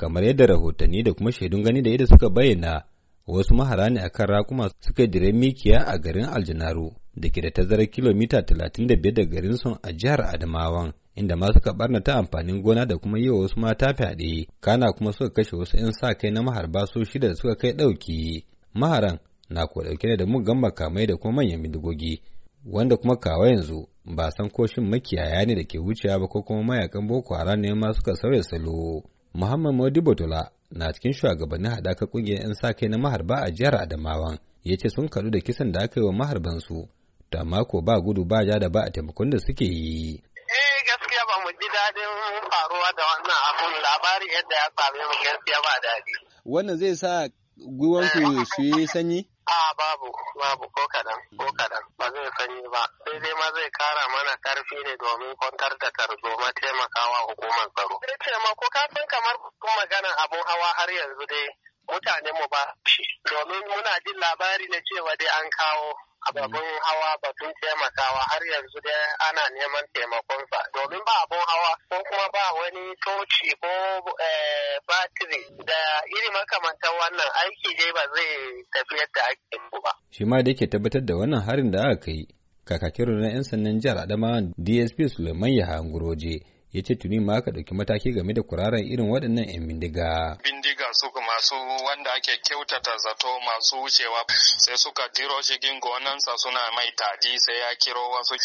kamar yadda rahotanni da kuma shaidun gani da yadda suka bayyana wasu mahara ne akan rakuma suka dire mikiya a garin aljanaru da ke da tazarar kilomita 35 da garin sun a jihar adamawan inda ma suka barnata amfanin gona da kuma yi wa wasu mata fyaɗe kana kuma suka kashe wasu 'yan sa kai na maharba su shida da suka kai ɗauki maharan na ko ɗauke da mugan makamai da kuma manyan bindigogi wanda kuma kawa yanzu ba san ko shin makiyaya ne da ke wucewa ba ko kuma mayakan boko haram ne ma suka sauya salo Muhammad Modibo Tola na cikin shugabannin haɗaka ƙungiyar 'yan sa-kai na maharba a jihar Adamawan ya ce sun kaɗu da kisan da aka yi wa maharbansu, to amma ko ba gudu ba ja da ba a taimakon da suke yi. Eh gaskiya ba mu ji daɗin faruwa da wannan abun labari yadda ya same mu gaskiya ba daɗi. Wannan zai sa gwiwanku su yi sanyi? babu babu ko kaɗan ko mm. kadan ba zai sanyi ba sai dai ma zai kara mana karfi ne domin kwantar da tarzoma taimakawa hukumar tsaro. ma taimako ka san kamar kun magana abun hawa har yanzu dai mutane mu ba shi domin muna jin labari na cewa dai an kawo mm. ababen hawa batun taimakawa har yanzu dai ana neman taimakonsa domin ba abun hawa ko kuma ba wani toci ko eh, batiri da iri makamantan wannan aiki dai ba zai tafi yadda ake ba. Shi ma da yake tabbatar da wannan harin da aka kai kakakin na 'yan sannan jihar Adama DSP Suleiman Yahaya Nguroje ya ce tuni ma ka ɗauki mataki game da kuraren irin waɗannan 'yan bindiga. Bindiga suka masu wanda ake kyautata zato masu wucewa sai suka jiro cikin gonansa suna mai tadi sai ya kiro wasu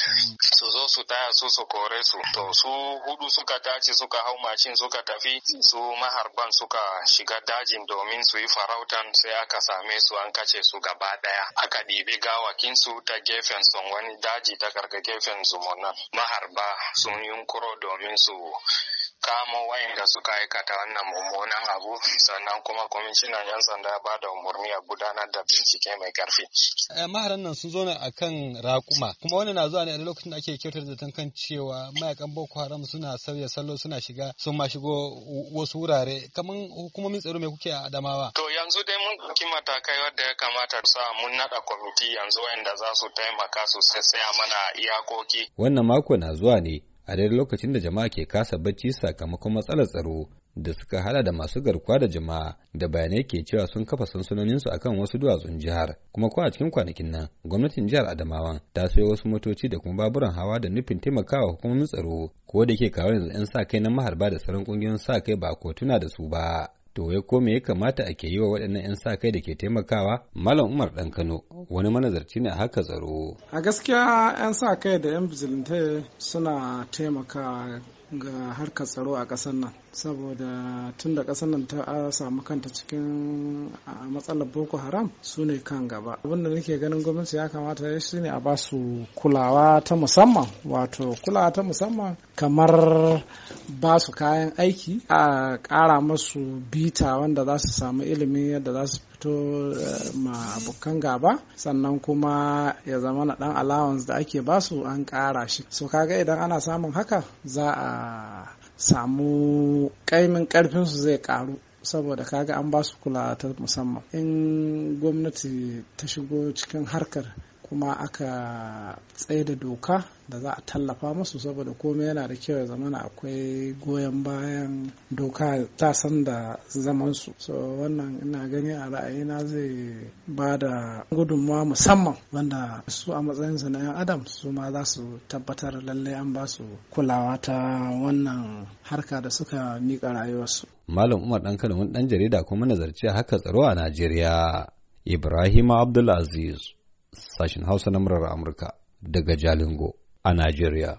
su zo su taya su su kore su. To su hudu suka dace suka hau mashin suka tafi su maharban suka shiga dajin domin su yi farautan sai aka same su an kace su gaba ɗaya. Aka ɗibi gawakin su ta gefen son wani daji ta karka gefen zumonan. Maharba sun yunkuro domin su kama wayanda suka aikata wannan mummunan abu sannan kuma kwamishinan 'yan sanda ya bada umarni a gudanar da bincike mai karfi. Eh, maharan nan sun zo ne a kan raƙuma kuma wani na zuwa ne a lokacin da ake kyautar da tankan cewa mayakan boko haram suna sauya salo suna shiga sun ma shigo wasu wurare kamar hukumomin tsaro mai kuke a adamawa. to yanzu dai mun ɗauki matakai wadda ya kamata sa mun naɗa kwamiti yanzu wayanda za su taimaka su sai mana iyakoki. wannan mako na zuwa ne a daidai lokacin da jama'a ke kasa bacci sakamakon matsalar tsaro da suka hada da masu garkuwa da jama'a da bayanai ke cewa sun kafa su akan wasu duwatsun jihar kuma ko a cikin kwanakin nan gwamnatin jihar adamawan ta sayo wasu motoci da kuma baburan hawa da nufin taimakawa hukumomin tsaro ko da ke kawo yanzu 'yan sa kai na maharba da sauran kungiyoyin sa kai ba ko tuna da su ba To wai ko me ya kamata a ke yi wa waɗannan 'yan sa kai da ke taimakawa? Malam Umar Dan Kano wani manazarci ne a haka tsaro. A gaskiya 'yan sa kai da 'yan bizilintai suna taimaka ga harkar tsaro a ƙasar nan saboda tun da ƙasar nan ta samu kanta cikin matsalar boko haram su ne kan gaba abinda nake ganin gwamnati ya kamata ya shi ne a ba su kulawa ta musamman wato kulawa ta musamman kamar ba su kayan aiki a ƙara masu bita wanda za su samu ilimi yadda za su fito eh, ma abokan gaba sannan kuma ya zama na ɗan allowance da ake basu an ƙara shi so kaga idan ana samun haka za a samu ƙaimin su zai ƙaru saboda kaga an ba su kula ta musamman in gwamnati ta shigo cikin harkar kuma aka tsaida doka da za a tallafa musu saboda komai yana da kyau ya zamana akwai goyon bayan doka ta san da zamansu so wannan ina gani a ra'ayina zai ba da gudunmawa musamman wanda su a matsayin na 'yan adam su ma za su tabbatar lallai an ba su kulawa ta wannan harka da suka miƙa rayuwarsu malam umar dan wani dan jarida kuma nazarci haka tsaro a najeriya ibrahim abdulaziz sashen Hausa na murar Amurka daga Jalingo a Najeriya.